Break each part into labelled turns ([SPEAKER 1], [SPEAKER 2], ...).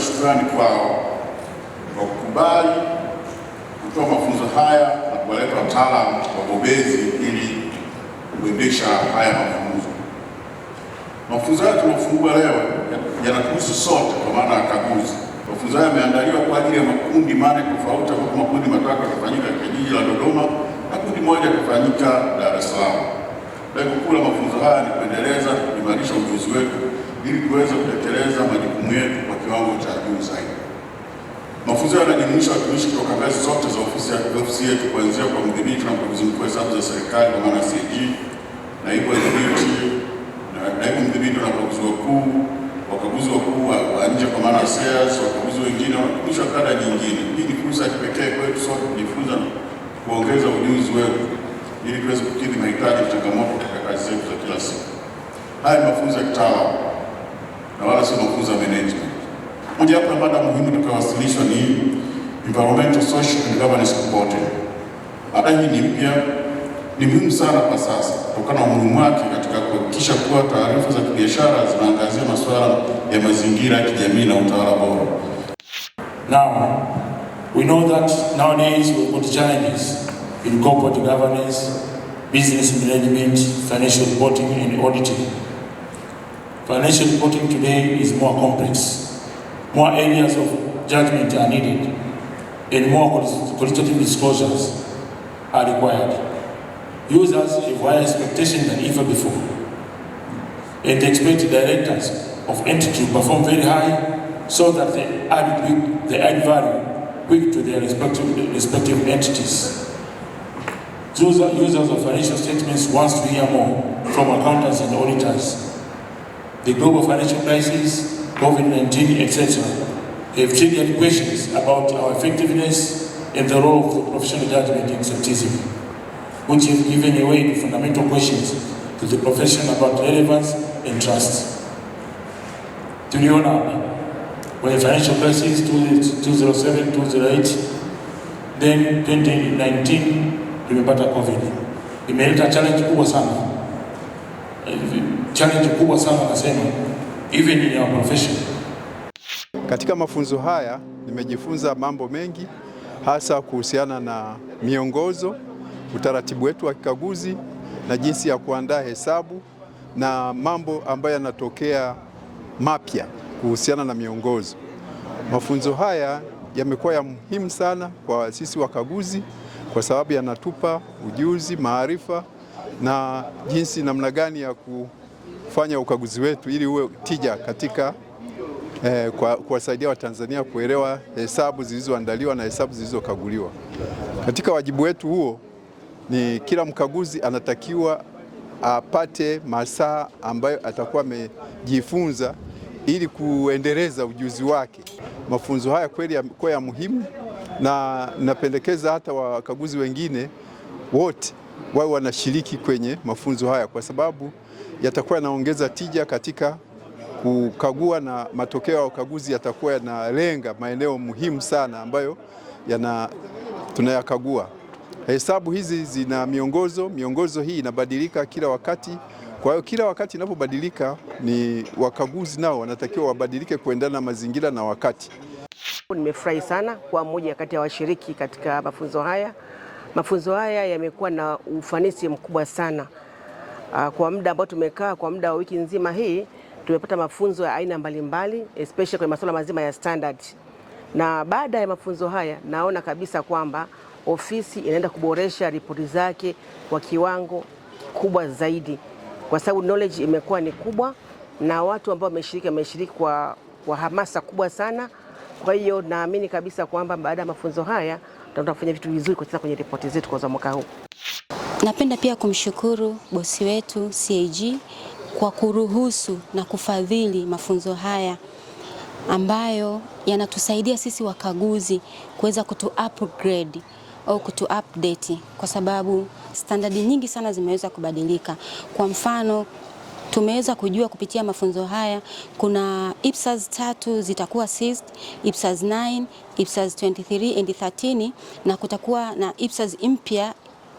[SPEAKER 1] shukrani kwao kwa kukubali kutoa mafunzo haya na kuwaleta wataalamu wabobezi ili kuendesha haya mafunzo. Mafunzo haya tunafungua leo yanatuhusu sote kwa maana ya kaguzi. Mafunzo haya yameandaliwa kwa ajili ya makundi manne tofauti, ambapo makundi matatu yatafanyika katika jiji la Dodoma na kundi moja yatafanyika Dar es Salaam. Lengo kuu la mafunzo haya ni kuendeleza, kuimarisha ujuzi wetu ili tuweze kutekeleza majukumu yetu kwa kiwango cha juu zaidi. Mafunzo yanajumuisha watumishi kutoka ngazi zote za ofisi yetu kuanzia kwa mdhibiti na mkaguzi mkuu hesabu za serikali kwa maana CAG, naibu mdhibiti, naibu mdhibiti na wakaguzi wakuu, wakaguzi wakuu wa wa nje kwa maana SARS, wakaguzi wengine na watumishi wa kada nyingine. Hii ni fursa ya kipekee kwetu sote kujifunza kuongeza ujuzi wetu ili tuweze kukidhi mahitaji na changamoto katika kazi zetu za kila siku. Haya ni mafunzo ya kitaalamu na wala sio mafunzo ya management. Moja ya mada muhimu tutakayowasilishwa ni environmental, social and governance kote. Mada hii ni mpya, ni muhimu sana kwa sasa kutokana na umuhimu wake katika kuhakikisha kuwa taarifa za kibiashara zinaangazia masuala ya mazingira ya kijamii na utawala bora. Now we know that nowadays we put challenges in corporate governance, business management, financial reporting and auditing. Financial reporting today is more complex. More areas of judgment are needed and more qualitative disclosures are required. Users have higher expectations than ever before and expect directors of entity to perform very high so that they add, they add value quick to their respective, respective entities. users of financial statements want to hear more from accountants and auditors. The global financial crisis COVID-19, etc., have triggered questions about our effectiveness and the role of professional judgment in scepticism, which have given away the fundamental questions to the profession about relevance and trust. Tuliona when the financial crisis 2007, 2008, then 2019 tumepata COVID, imeleta challenge kubwa sana, challenge kubwa sana nasema even in your profession. Katika mafunzo haya nimejifunza mambo mengi hasa kuhusiana na miongozo, utaratibu wetu wa kikaguzi na jinsi ya kuandaa hesabu na mambo ambayo yanatokea mapya kuhusiana na miongozo. Mafunzo haya yamekuwa ya muhimu sana kwa sisi wakaguzi kwa sababu yanatupa ujuzi, maarifa na jinsi namna gani ya ku kufanya ukaguzi wetu ili uwe tija katika eh, kuwasaidia Watanzania kuelewa hesabu zilizoandaliwa na hesabu zilizokaguliwa. Katika wajibu wetu huo ni kila mkaguzi anatakiwa apate masaa ambayo atakuwa amejifunza ili kuendeleza ujuzi wake. Mafunzo haya kweli yamekuwa ya muhimu, na napendekeza hata wakaguzi wengine wote wawe wanashiriki kwenye mafunzo haya kwa sababu yatakuwa yanaongeza tija katika kukagua na matokeo ya ukaguzi yatakuwa yanalenga maeneo muhimu sana ambayo yana tunayakagua. Hesabu hizi zina miongozo, miongozo hii inabadilika kila wakati. Kwa hiyo kila wakati inapobadilika, ni wakaguzi nao wanatakiwa wabadilike kuendana na mazingira na wakati. Nimefurahi sana kwa mmoja kati ya washiriki katika mafunzo haya. Mafunzo haya yamekuwa na ufanisi mkubwa sana. Ah, kwa muda ambao tumekaa, kwa muda wa wiki nzima hii, tumepata mafunzo ya aina mbalimbali, especially kwenye masuala mazima ya standard, na baada ya mafunzo haya naona kabisa kwamba ofisi inaenda kuboresha ripoti zake kwa kiwango kubwa zaidi, kwa sababu knowledge imekuwa ni kubwa na watu ambao wameshiriki wameshiriki kwa, kwa hamasa kubwa sana. Kwa hiyo naamini kabisa kwamba baada ya mafunzo haya tutafanya vitu vizuri kwa sasa kwenye ripoti zetu kwa mwaka huu. Napenda pia kumshukuru bosi wetu CAG kwa kuruhusu na kufadhili mafunzo haya ambayo yanatusaidia sisi wakaguzi kuweza kutu upgrade au kutu update kwa sababu standardi nyingi sana zimeweza kubadilika. Kwa mfano, tumeweza kujua kupitia mafunzo haya kuna IPSAS tatu zitakuwa seized, IPSAS 9, IPSAS 23 and 13 na kutakuwa na IPSAS mpya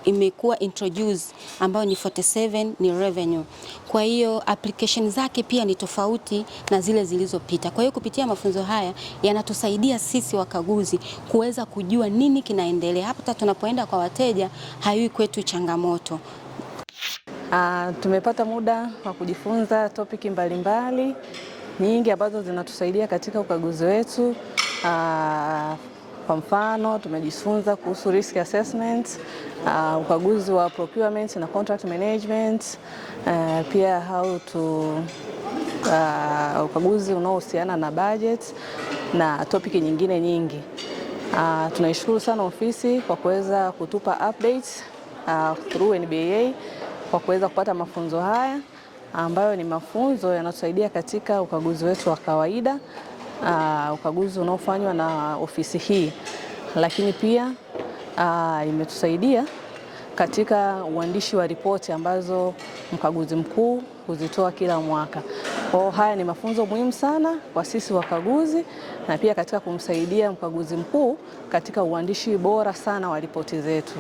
[SPEAKER 1] imekuwa introduce ambayo ni 47 ni revenue. Kwa hiyo application zake pia ni tofauti na zile zilizopita. Kwa hiyo kupitia mafunzo haya yanatusaidia sisi wakaguzi kuweza kujua nini kinaendelea, hata tunapoenda kwa wateja hayui kwetu changamoto. Uh, tumepata muda wa kujifunza topiki mbalimbali nyingi ambazo zinatusaidia katika ukaguzi wetu uh, kwa mfano tumejifunza kuhusu risk assessment, uh, ukaguzi wa procurement na contract management, uh, pia how to uh, ukaguzi unaohusiana na budget na topic nyingine nyingi. Uh, tunaishukuru sana ofisi kwa kuweza kutupa updates uh, through NBA kwa kuweza kupata mafunzo haya ambayo ni mafunzo yanatusaidia katika ukaguzi wetu wa kawaida uh, ukaguzi unaofanywa na ofisi hii, lakini pia uh, imetusaidia katika uandishi wa ripoti ambazo mkaguzi mkuu huzitoa kila mwaka. Kwa hiyo haya ni mafunzo muhimu sana kwa sisi wakaguzi na pia katika kumsaidia mkaguzi mkuu katika uandishi bora sana wa ripoti zetu.